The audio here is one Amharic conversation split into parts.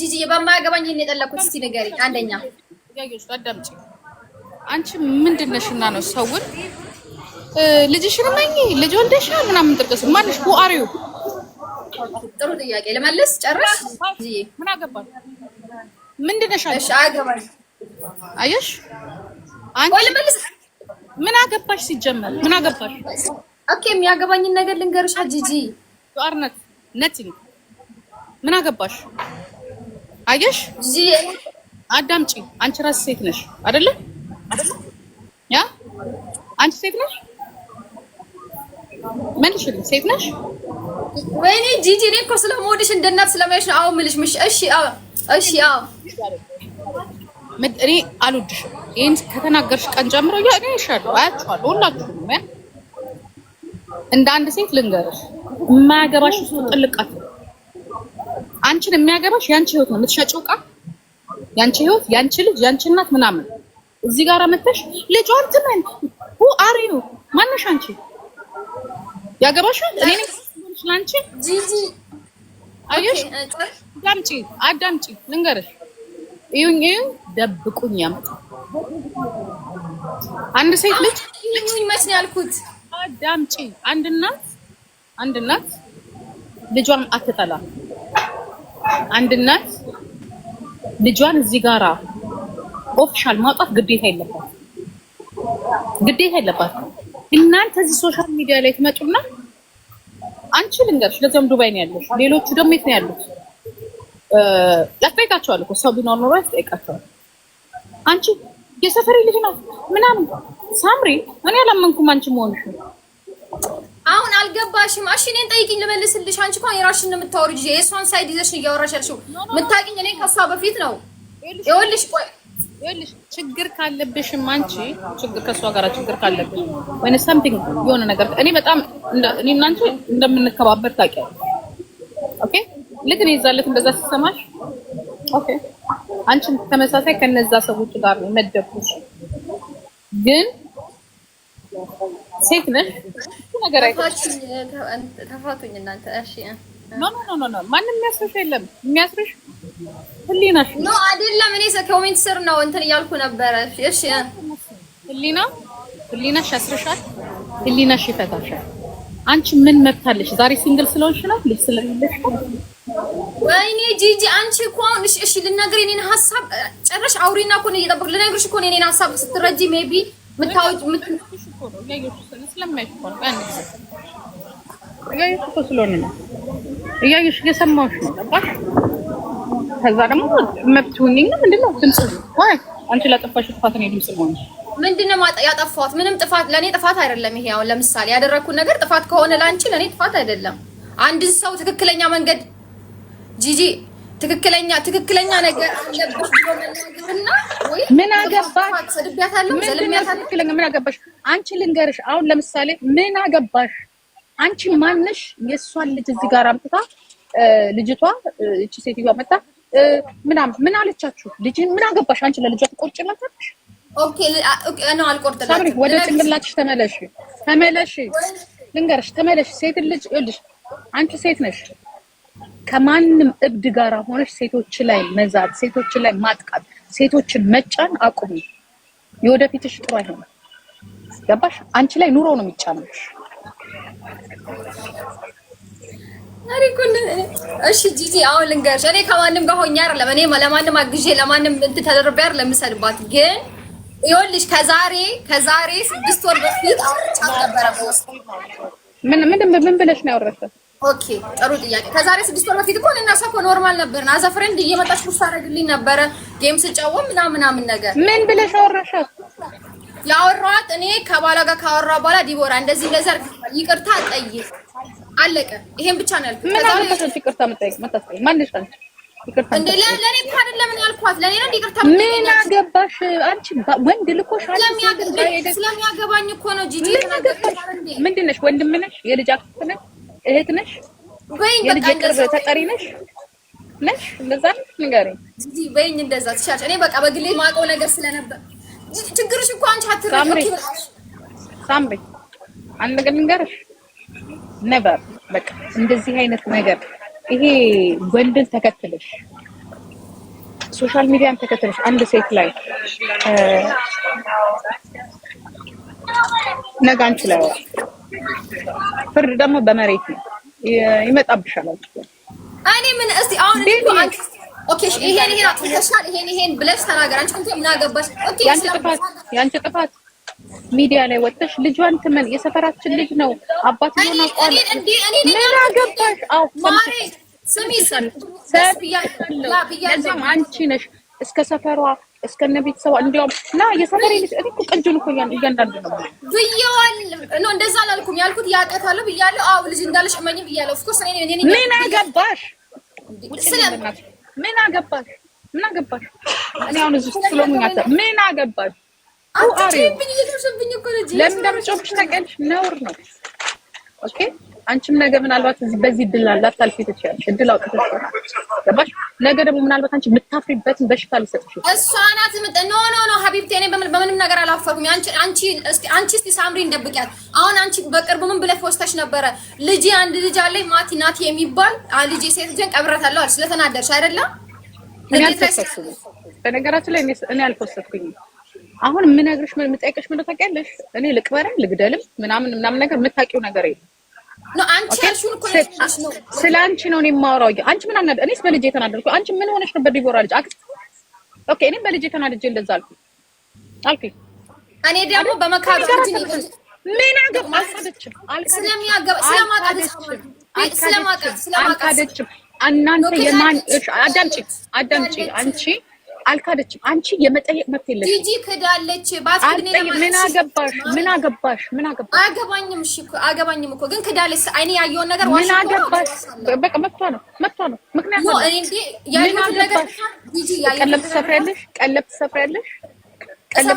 ጂጂዬ በማያገባኝ ይሄን የጠለኩት እስቲ ንገሪኝ። አንደኛ አዳምጪ፣ አንቺ ምንድን ነሽና ነው ሰውን ልጅሽን ነኝ ልጅ ወልደሽ ምናምን ጥርቅስ ማንሽ ቡአሪው ጥሩ ጥያቄ ልመልስ ጨርሽ። ምን አገባኝ ምንድን ነሽ? እሺ አገባኝ። አየሽ አንቺ ልመልስ። ምን አገባሽ ሲጀመር ምን አገባሽ? ኦኬ የሚያገባኝን ነገር ልንገርሽ ጂጂ ቡአርነት ነቲንግ ምን አገባሽ? አየሽ፣ አዳምጪ። አንቺ ራስ ሴት ነሽ አይደለ? ያ አንቺ ሴት ነሽ መልሽልኝ። ሴት ነሽ? ወይኔ ጂጂ፣ እኔ እኮ ስለምወድሽ እንደ እናት ስለማይሽ ነው። አሁን ምልሽ ምሽ እሺ፣ አዎ፣ እሺ፣ አዎ። እኔ አልወድሽም። ይሄን ከተናገርሽ ቀን ጀምሮ ያ እኔ ይሻለሁ፣ አያችኋለሁ፣ ሁላችሁም። እንደ አንድ ሴት ልንገርሽ፣ የማያገባሽ ውስጥ ጥልቃት አንቺን የሚያገባሽ ያንቺ ህይወት ነው። የምትሸጪው ዕቃ ያንቺ ህይወት፣ ያንቺ ልጅ፣ ያንቺ እናት ምናምን። እዚህ ጋር መተሽ አንተ ማን ሁ አር ዩ ማነሽ አንቺ? ያገባሽ እኔ ነኝ። ለአንቺ ጂጂ አየሽ፣ አዳምጪ አዳምጪ፣ ልንገርሽ። እዩኝ፣ እዩኝ፣ ደብቁኝ ያመጣ አንድ ሴት ልጅ ይሁን መስል ያልኩት አዳምጪ። አንድ እናት አንድ እናት ልጇን አትጠላም። አንድ እናት ልጇን እዚህ ጋራ ኦፊሻል ማውጣት ግዴታ የለባት ግዴታ የለባት። እናንተ እዚህ ሶሻል ሚዲያ ላይ ትመጡና አንቺ ልንገርሽ፣ ለዚያም ዱባይ ነው ያለሽ፣ ሌሎቹ ደግሞ የት ነው ያሉት? ያስጠይቃቸዋል እኮ ሰው ቢኖር ኖሮ ያስጠይቃቸዋል። አንቺ የሰፈሬ ልጅ ናት ምናምን ሳምሪ፣ እኔ አላመንኩም አንቺ መሆንሽ ነው አልገባሽም? እሺ እኔን ጠይቂኝ ልመልስልሽ። አንቺ እንኳን የራስሽን ነው የምታወሪው። የእሷን ሳይድ ይዘሽ እያወራሽ ያልሽው የምታውቂኝ እኔ ከእሷ በፊት ነው። ይኸውልሽ ቆይ ይኸውልሽ ችግር ካለብሽም አንቺ ችግር ከእሷ ጋር ችግር ካለብሽ ወይ ሰምቲንግ የሆነ ነገር እኔ በጣም እኔ እና አንቺ እንደምንከባበር ታውቂያለሽ። ኦኬ ልክ እኔ ይዛለት እንደዛ ሲሰማሽ ኦኬ አንቺም ተመሳሳይ ከነዛ ሰዎች ጋር ነው መደብኩሽ ግን ሴት ነሽ ነገር ተፋቱኝ እናንተ። እሺ ኖ ኖ ኖ ኖ ማንም የሚያስርሽ የለም። የሚያስርሽ ህሊናሽ ኖ አይደለም። እኔ ኮሜንት ስር ነው እንትን እያልኩ ነበረ። እሺ ህሊና ህሊናሽ ያስርሻል። ህሊናሽ ይፈታሻል። አንቺ ምን መብት ዛሬ ሲንግል ስለሆንሽ ነው ልጅ ስለሌለሽ ወይኔ ጂጂ አንቺ እኮ አሁን እሺ እሺ የኔን ሀሳብ ጨረሽ አውሪና እኮ ነው እየጠበቅ ልነግርሽ እኮ ነው የኔን ሀሳብ ስትረጂ ሜቢ እኮ እኮ ስለሆነ ነው እያየሽ እየሰማሁሽ ነው ገባሽ ከዛ ደግሞ መብት ሁኚኝ ምንድን ነው ድምፅ ወይ አንቺ ላጠፋሽው ጥፋት ነው ድምፅ ሆነ ምንድን ነው ያጠፋሁት ምንም ጥፋት ለእኔ ጥፋት አይደለም ይሄ አሁን ለምሳሌ ያደረግኩት ነገር ጥፋት ከሆነ ለአንቺ ለእኔ ጥፋት አይደለም አንድን ሰው ትክክለኛ መንገድ ጂጂ ትክክለኛ ትክክለኛ ነገር ምን አገባሽ? ምን አገባሽ? አንቺ ልንገርሽ፣ አሁን ለምሳሌ ምን አገባሽ አንቺ ማንሽ? የእሷን ልጅ እዚህ ጋር አምጥታ ልጅቷ እቺ ሴትዮዋ መጣ ምናምን ምን አለቻችሁ? ልጅ ምን አገባሽ አንቺ? ለልጇ ትቆርጭላታለሽ? ኦኬ ወደ ጭንቅላትሽ ተመለሽ፣ ተመለሽ። ልንገርሽ፣ ተመለሽ። ሴት ልጅ ይኸውልሽ፣ አንቺ ሴት ነሽ ከማንም እብድ ጋር ሆነሽ ሴቶች ላይ መዛት፣ ሴቶች ላይ ማጥቃት፣ ሴቶችን መጫን አቁሚ። የወደፊትሽ ጥሩ አይሆንም። ገባሽ? አንቺ ላይ ኑሮ ነው የሚጫነሽ። እሺ ጂጂ፣ አሁን ልንገርሽ፣ እኔ ከማንም ጋር ሆኜ አይደለም፣ እኔ ለማንም አግዤ ለማንም እንትን ተደርቤ አይደለም የምሰድባት። ግን ይኸውልሽ ከዛሬ ከዛሬ ስድስት ወር በፊት አውርቻት ነበረ በውስጥ ምን ምን ምን ብለሽ ነው ያወራሽው? ኦኬ ጥሩ ጥያቄ። ከዛሬ ስድስት ወር በፊት እኮ እኔና እሷ ኖርማል ነበር። አዛ ፍሬንድ እየመጣች ቡስ ታደርግልኝ ነበረ ጌም ስጫወት ምናምን ምናምን ነገር። ምን ብለሽ አወራሻት? ያወራኋት እኔ ከባሏ ጋር ካወራ በኋላ ዲቦራ እንደዚህ እንደዚህ ይቅርታ ጠይቅ አለቀ። ይሄን ብቻ ነው ያልኩት። ምን አለበት ይቅርታ መጠየቅ መታሰብ ማን አንቺ ምን አገባሽ አንቺ? ወንድ ልኮሽ ስለሚያገባኝ እኮ ነው። ጂጂ ምንድን ነሽ? ወንድም ነሽ? የልጅ አክስት ነሽ? እህት ነሽ? የልጅ የቅርብ ተጠሪ ነሽ ነሽ? እንደዛ ነሽ? ንገሪኝ ጂጂ በይኝ። እንደዛ ትሻለሽ። እኔ በቃ በግሌ የማውቀው ነገር ስለነበር ችግርሽ እኮ አንቺ አትረቂ ሳምሪ አንድ ነገር ልንገርሽ ነበር። በቃ እንደዚህ አይነት ነገር ይሄ ወንድን ተከትለሽ ሶሻል ሚዲያን ተከትለሽ አንድ ሴት ላይ ነገ አንቺ ላይ ፍርድ ደግሞ በመሬት ነው ይመጣብሻል። እኔ ምን እስቲ አሁን ኦኬ፣ ይሄን ይሄን አጥፍተሻል፣ ይሄን ይሄን ብለሽ ተናገር። አንቺ ምን አገባሽ? ኦኬ፣ ያንቺ ጥፋት ሚዲያ ላይ ወጥተሽ ልጇን ትመን የሰፈራችን ልጅ ነው አባት ሆነ አቋል ምን አገባሽ? አው ስሚ ሰሚሰሚያለሁ አንቺ ነሽ እስከ ሰፈሯ እስከነ ቤተሰቧ እንዲያውም ና የሰፈሬ ልጅ እኔ እኮ ቅንጅን እኮ እያንዳንዱ ነው ብዬዋል። ነው እንደዛ አላልኩም ያልኩት ያቀታለሁ ብያለሁ። አው ልጅ እንዳለሽ እመኝ ብያለሁ። ኦፍኮርስ እኔ እኔ ምን አገባሽ? ምን አገባሽ? ምን አገባሽ? እኔ አሁን እዚህ ስለሆንኩኝ ምን አገባሽ? ነውር ነው። ኦኬ አንቺም ነገ ምናልባት በዚህ እድል ላታልፊ ትችያለሽ። እድል አውጥተሽ ገባሽ። ነገ ደግሞ ምናልባት አንቺ የምታፍሪበትን በሽታ ሊሰጥሽ እሷ ናት። ኖ ኖ ኖ ሀቢብቴ፣ እኔ በምንም ነገር አላፈርኩም። አንቺ እስኪ ሳምሪ እንደብቂያት። አሁን አንቺ በቅርቡ ምን ብለሽ ወስተሽ ነበረ? ልጄ አንድ ልጅ አለኝ ማቲ ናት የሚባል ልጄ፣ ሴት ልጄን ቀብረታለሁ አለሽ። ስለተናደርሽ አይደለም። በነገራችን ላይ እኔ አልፖስትኩኝም አሁን የምነግርሽ ምን የምጠይቅሽ ምን ታውቂያለሽ? እኔ ልቅበርም ልግደልም ምናምን ምናምን ነገር የምታውቂው ነገር የለም። አንቺ ያልሽውን እኮ ነው። ስለ አንቺ ነው እኔ የማወራው። አንቺ ምን አናደ እኔስ በልጄ የተናደድኩ አንቺ ምን ሆነሽ ነበር? ዲቦራ ልጅ አክስት ኦኬ። እኔም በልጄ ተናድጄ እንደዛ አልኩ አልኩ። እኔ ደግሞ በመካብ ምን አገብ አልካደችም፣ ስለሚያገብ ስለማቃደች ስለማቃደች። እናንተ የማን አዳምጪ አዳምጪ አንቺ አልካደችም። አንቺ የመጠየቅ መብት የለሽም። ጂጂ ክዳለች። ምን አገባሽ? ምን አገባሽ? ምን አገባሽ? አገባኝም። እሺ አገባኝም እኮ ግን ክዳለች። አይኔ ያየውን ነገር ምን አገባሽ? በቃ መብቷ ነው፣ መብቷ ነው። ምክንያቱም እኔ እንዴ ያየሁት ነገር ጂጂ ያየው ቀለብ ትሰፍሪያለሽ፣ ቀለብ ትሰፍሪያለሽ ምን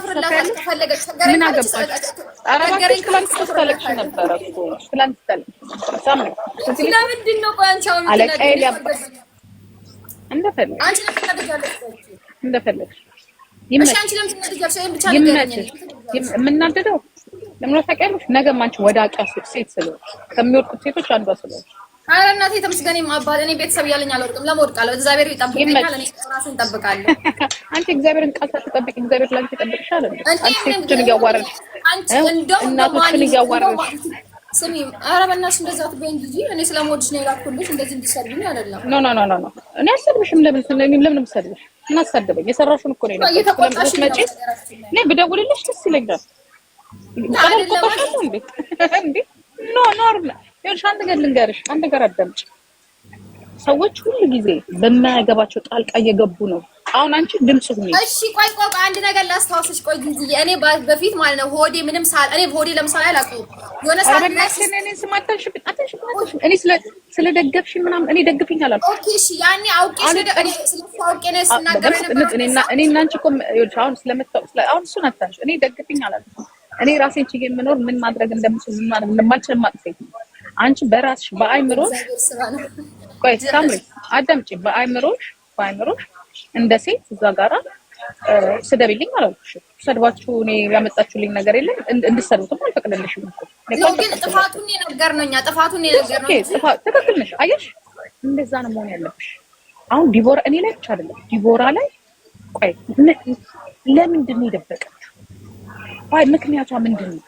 እንደፈለግሽ የምናደደው ለምን ታውቂያለሽ? ሴት ከሚወድቁት ሴቶች አንዷ ስለሆንሽ እናቴ ተመስገን እኔ ቤተሰብ እያለኝ አልወድቅም፣ ለመወድቃለሁ። እግዚአብሔር ይጠብቀኛል፣ እኔ ራሴን እጠብቃለሁ። አንቺ እግዚአብሔርን ቃል ሳትጠብቂ እግዚአብሔር ላንቺ ይጠብቅሻል። አንቺ ሴቶችን እያዋረድሽ፣ እናቶችን እያዋረድሽ ስሚ፣ በእናትሽ እንደዛ እኔ ስለምወድሽ ነው የላኩልሽ። እንደዚህ እንዲሰድብኝ አይደለም። ኖ ኖ ኖ ኖ፣ እኔ አልሰድብሽም። ለምን ለምን እናሳደበኝ የሰራሽን እኮ ነው። ስለምትመጪ እኔ ብደውልልሽ ደስ ይለኛል። ኖ ኖርና ይኸውልሽ፣ አንድ ነገር ልንገርሽ፣ አንድ ነገር አዳምጪ። ሰዎች ሁሉ ጊዜ በማያገባቸው ጣልቃ እየገቡ ነው አሁን አንቺ ድምጽ ሁኚ። እሺ ቆይ ቆይ አንድ ነገር ላስታውስሽ። ቆይ እኔ በፊት ማለት ነው ሆዴ ምንም ሳል እኔ ሆዴ ለምሳሌ የሆነ እኔ ምናምን እኔ ደግፍኝ ኦኬ እሺ ያኔ አውቄ እኔ እኮ አሁን አሁን እሱን እኔ ደግፍኝ እኔ ራሴን ችዬ የምኖር ምን ማድረግ እንደምችል ምን ማድረግ እንደማልችል አንቺ በራስሽ በአይምሮሽ ቆይ ሳምሪ አዳምጪ በአይምሮሽ በአይምሮሽ እንደ ሴት እዛ ጋራ ስደብልኝ አላልኩሽም። ሰድባችሁ እኔ ያመጣችሁልኝ ነገር የለም። እንድሰድቡትም አልፈቅድልሽም እኮ ግን ጥፋቱን የነገር ነው እኛ ጥፋቱን የነገር ነው። ትክክል ነሽ። አየሽ፣ እንደዛ ነው መሆን ያለብሽ። አሁን ዲቦራ እኔ ላይ ብቻ አይደለም ዲቦራ ላይ ቆይ፣ ለምንድን ነው የደበቀችው? አይ ምክንያቷ ምንድን ነው?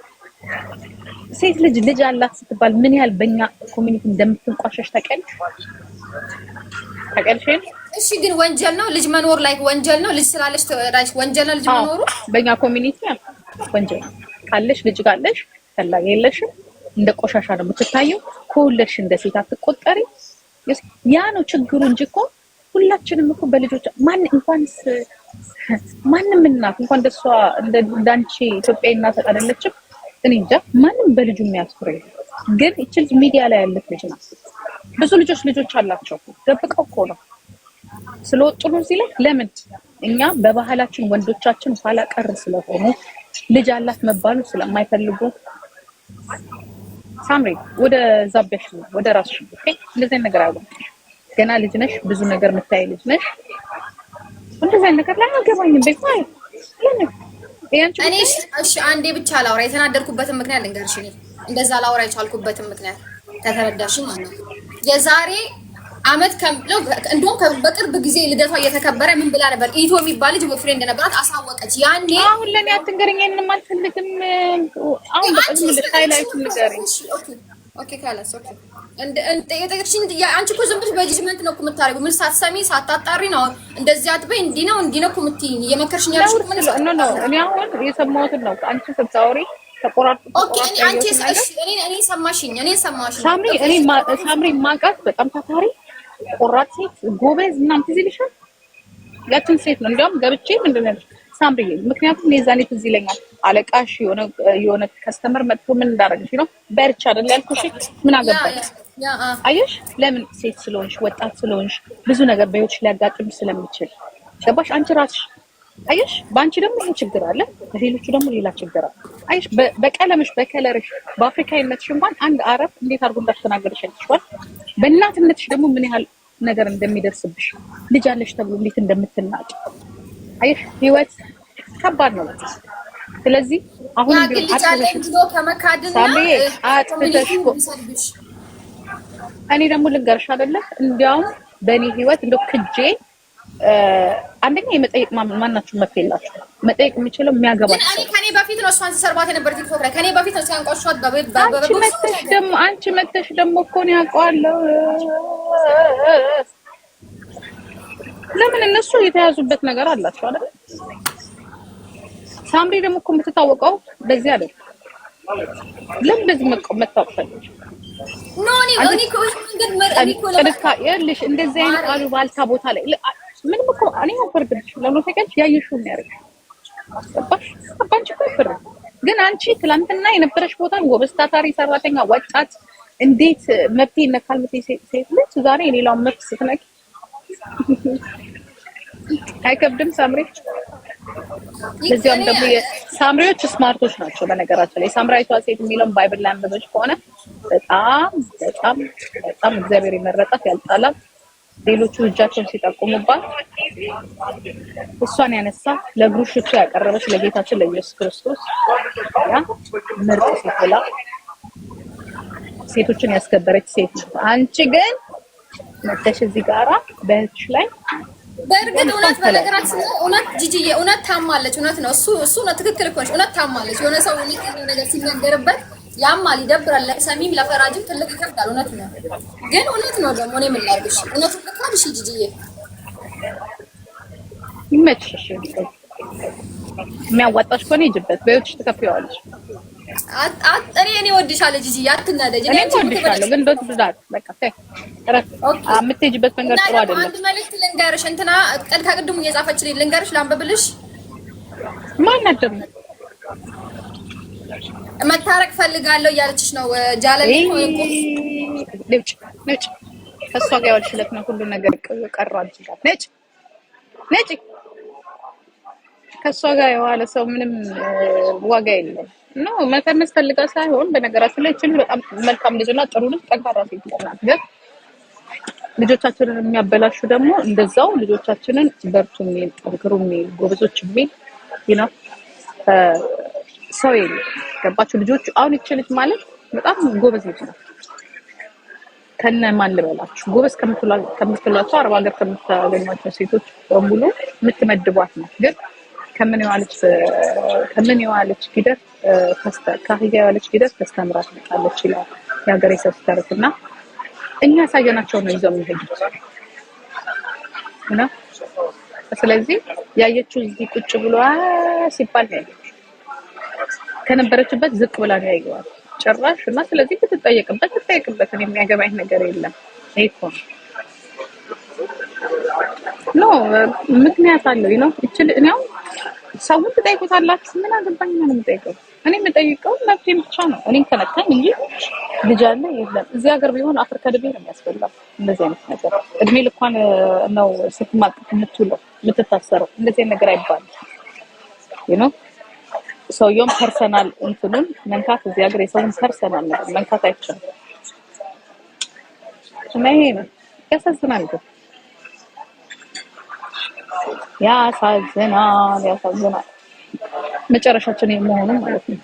ሴት ልጅ ልጅ አላት ስትባል ምን ያህል በእኛ ኮሚኒቲ እንደምትንቋሸሽ ታውቂያለሽ? ታውቂያለሽ እሺ፣ ግን ወንጀል ነው ልጅ መኖር ላይ ወንጀል ነው ልጅ ስላለሽ ተወዳጅ ወንጀል ነው ልጅ መኖሩ። በእኛ ኮሚኒቲ ወንጀል ካለሽ ልጅ ካለሽ ፈላጊ የለሽም፣ እንደ ቆሻሻ ነው የምትታየው። ከሁለሽ እንደ ሴት አትቆጠሪ። ያ ነው ችግሩ እንጂ እኮ ሁላችንም እኮ በልጆች ማን እንኳንስ ማንም እናት እንኳን ደሷ እንደ ዳንቺ ኢትዮጵያ እናት አይደለችም። እኔ እንጃ ማንም በልጁ የሚያስኩር ግን ይችል ሚዲያ ላይ ያለች ልጅ ናት። ብዙ ልጆች ልጆች አላቸው ደብቀው እኮ ነው ስለወጡ ሲለ ለምን እኛ በባህላችን ወንዶቻችን ኋላ ቀር ስለሆኑ ልጅ አላት መባሉ ስለማይፈልጉ ሳምሪ ወደ ዛቤሽ ወደ ራስሽ እንደዚህ ነገር አለ። ገና ልጅ ነሽ፣ ብዙ ነገር የምታይ ልጅ ነሽ። እንደዚህ ነገር ላይ አገባኝም ቤት ላይ እኔ እሺ፣ አንዴ ብቻ ላውራ። የተናደድኩበትን ምክንያት ልንገርሽ። እኔ እንደዛ ላውራ የቻልኩበትን ምክንያት ከተረዳሽኝ ማለት ነው የዛሬ አመት ከምለው እንደውም በቅርብ ጊዜ ልደቷ እየተከበረ ምን ብላ ነበር? ኢቶ የሚባል ልጅ ፍሬንድ ነበራት አሳወቀች። ያኔ አሁን ለእኔ አትንገረኝ፣ ይሄንን አልፈልግም። አሁን ሃይላይት ንገረኝ። ኦኬ ካላስ የጠቅሽኝ አንቺ እኮ ዝም ብለሽ በጅጅመንት ነው እኮ የምታደርጊው። ምን ሳትሰሚ ሳታጣሪ ነው እንደዚህ አትበይ፣ እንዲህ ነው እንዲህ ነው እኮ የምትይኝ። እየመከርሽኝ ያልሽው ምን ነው ነው? እኔ አሁን የሰማሁትን ነው አንቺ ስታወሪ ተቆራጥቆራጥ እኔ ሰማሽኝ፣ እኔ ሰማሽኝ ሳምሪ፣ እኔ ሳምሪ ማቃት በጣም ታታሪ ቆራጥ ሴት ጎበዝ ምናምን ትዝ ይልሻል። ያችን ሴት ነው እንዲያውም ገብቼ ምንድን ነው ሳምሪዬ፣ ምክንያቱም የዛኔ ትዝ ይለኛል አለቃሽ የሆነ የሆነ ከስተመር መጥቶ ምን እንዳደረገሽ ነው በርቻ አይደል ያልኩሽ። ምን አገባኝ አየሽ፣ ለምን ሴት ስለሆንሽ ወጣት ስለሆንሽ ብዙ ነገር በህይወትሽ ሊያጋጥምሽ ስለሚችል ገባሽ አንቺ ራስሽ አየሽ፣ በአንቺ ደግሞ ይሄ ችግር አለ፣ በሌሎቹ ደግሞ ሌላ ችግር አለ። አየሽ፣ በቀለምሽ፣ በከለርሽ፣ በአፍሪካዊነትሽ እንኳን አንድ አረብ እንዴት አድርጎ እንዳስተናገደሽ አይተሽዋል። በእናትነትሽ ደግሞ ምን ያህል ነገር እንደሚደርስብሽ ልጅ አለሽ ተብሎ እንዴት እንደምትናቅ አየሽ፣ ህይወት ከባድ ነው። ስለዚህ አሁን እኔ ደግሞ ልንገርሽ አይደለ እንዲያውም በእኔ ህይወት እንደ ክጄ አንደኛ የመጠየቅ ማናችሁ መብት የላችሁ። መጠየቅ የሚችለው የሚያገባችሁ ከኔ በፊት ነው። እሷን ሲሰርባት የነበር ቲክቶክ ላይ ከኔ በፊት ነው ደግሞ አንቺ መተሽ ደግሞ እኮ ነው ለምን እነሱ የተያዙበት ነገር አላቸው አይደል? ሳምሪ ደግሞ እኮ የምትታወቀው በዚህ አይደል? ለምን በዚህ መታወቅ ፈለግሽ? ኖ እኔ እንደዚህ አይነት አሉባልታ ቦታ ላይ ምንም እኮ እኔ አልፈርድልሽ። ለምን ታውቂያለሽ? ያየሽው ነው ያደርግሽ። አባሽ አባንቺ እኮ አይፈርድም። ግን አንቺ ትላንትና የነበረሽ ቦታ ጎበዝ፣ ታታሪ ሰራተኛ፣ ወጣት እንዴት መብት ይነካል? ምት ሴት ልጅ ዛሬ የሌላውን መብት ስትነቂ አይከብድም? ሳምሪ እዚያም ደግሞ የሳምሪዎች ስማርቶች ናቸው። በነገራችን ላይ ሳምራዊቷ ሴት የሚለውን ባይብል ላይ አንብበሽ ከሆነ በጣም በጣም በጣም እግዚአብሔር የመረጣት ያልጣላት ሌሎቹ እጃቸውን ሲጠቁሙባት እሷን ያነሳ ለእግሩ ሽቱ ያቀረበች ለጌታችን ለኢየሱስ ክርስቶስ ያ ምርጥ ሴት ብላ ሴቶችን ያስከበረች ሴት ነው። አንቺ ግን መተሽ እዚህ ጋራ በእህትሽ ላይ በእርግጥ እውነት በነገራችን ላይ እውነት ጂጂዬ እውነት ታማለች። እውነት ነው እሱ እሱ ነው። ትክክል እኮ ነች። እውነት ታማለች። የሆነ ሰው ነገር ሲነገርበት ያማል፣ ይደብራል። ለሰሚም ለፈራጅም ትልቅ ይከብዳል። እውነት ነው፣ ግን እውነት ነው ደግሞ እኔ ምን ላድርግሽ? እውነቱ ልካልሽ ጂጂዬ፣ ይመችሽ። የሚያዋጣሽ ከሆነ ሂጂበት፣ በህይወትሽ ትከፍይዋለሽ። እኔ እኔ እወድሻለሁ ጂጂዬ፣ አትናደጂ። እኔ እወድሻለሁ፣ ግን ዶት ብዛት በቃ ታይ ረክ የምትሄጂበት መንገድ ጥሩ አይደለም። አንድ መልዕክት ልንገርሽ፣ እንትና ከቅድሙ እየጻፈችልኝ ልንገርሽ፣ ላንብብልሽ። ማን ናት መታረቅ ፈልጋለሁ እያለችሽ ነው። ጃለኔ ነጭ ነጭ ከእሷ ጋር ያልሽለት ነው ሁሉ ነገር ቀሯል። ነጭ ነጭ ከእሷ ጋር የዋለ ሰው ምንም ዋጋ የለም። ኖ መተነስ ፈልጋ ሳይሆን በነገራችን ላይ እችን በጣም መልካም ልጅና ጥሩ ልጅ ጠንካራ ሴት ናት። ግን ልጆቻችንን የሚያበላሹ ደግሞ እንደዛው ልጆቻችንን በርቱ የሚል ጠንክሩ የሚል ጎበዞች የሚል ነው ሰው የለ ገባችሁ ልጆቹ? አሁን ይቺ ማለት በጣም ጎበዝ ልጅ ነው። ከነ ማን ልበላችሁ ጎበዝ ከምትሏቸው አረብ ሀገር ከምታገኟቸው ሴቶች በሙሉ የምትመድቧት ነው። ግን ከምን የዋለች ከምን የዋለች ጊደር ከአህያ የዋለች ጊደር ተስተምራ ትመጣለች ይላል የሀገሬ ሰው ሲተርት እና እኛ ያሳየናቸው ነው ይዘው የሚሄዱት እና ስለዚህ ያየችው እዚህ ቁጭ ብሎ ሲባል ነው ከነበረችበት ዝቅ ብላ ነው ያየዋል ጭራሽ። እና ስለዚህ ብትጠየቅበት ትጠየቅበት፣ የሚያገባኝ ነገር የለም። ይኮ ኖ ምክንያት አለው ነው ይችል እኔው ሰውን ትጠይቁታላችሁ። ምን አገባኝ ነው የምጠይቀው? እኔ የምጠይቀው መብቴን ብቻ ነው። እኔ ከነካኝ እንጂ ልጅ አለ የለም። እዚህ ሀገር ቢሆን አፈር ከድቤ ነው የሚያስበላው። እንደዚህ አይነት ነገር እድሜ ልኳን ነው ስትማቅ የምትውለው የምትታሰረው። እንደዚህ ነገር አይባልም ነው ሰውየውን ፐርሰናል እንትኑን መንካት እዚህ ሀገር የሰውን ፐርሰናል ነገር መንካት አይቻልም። እና ይሄ ነው ያሳዝናል፣ ግን ያሳዝናል፣ ያሳዝናል መጨረሻችን መሆኑን ማለት ነው።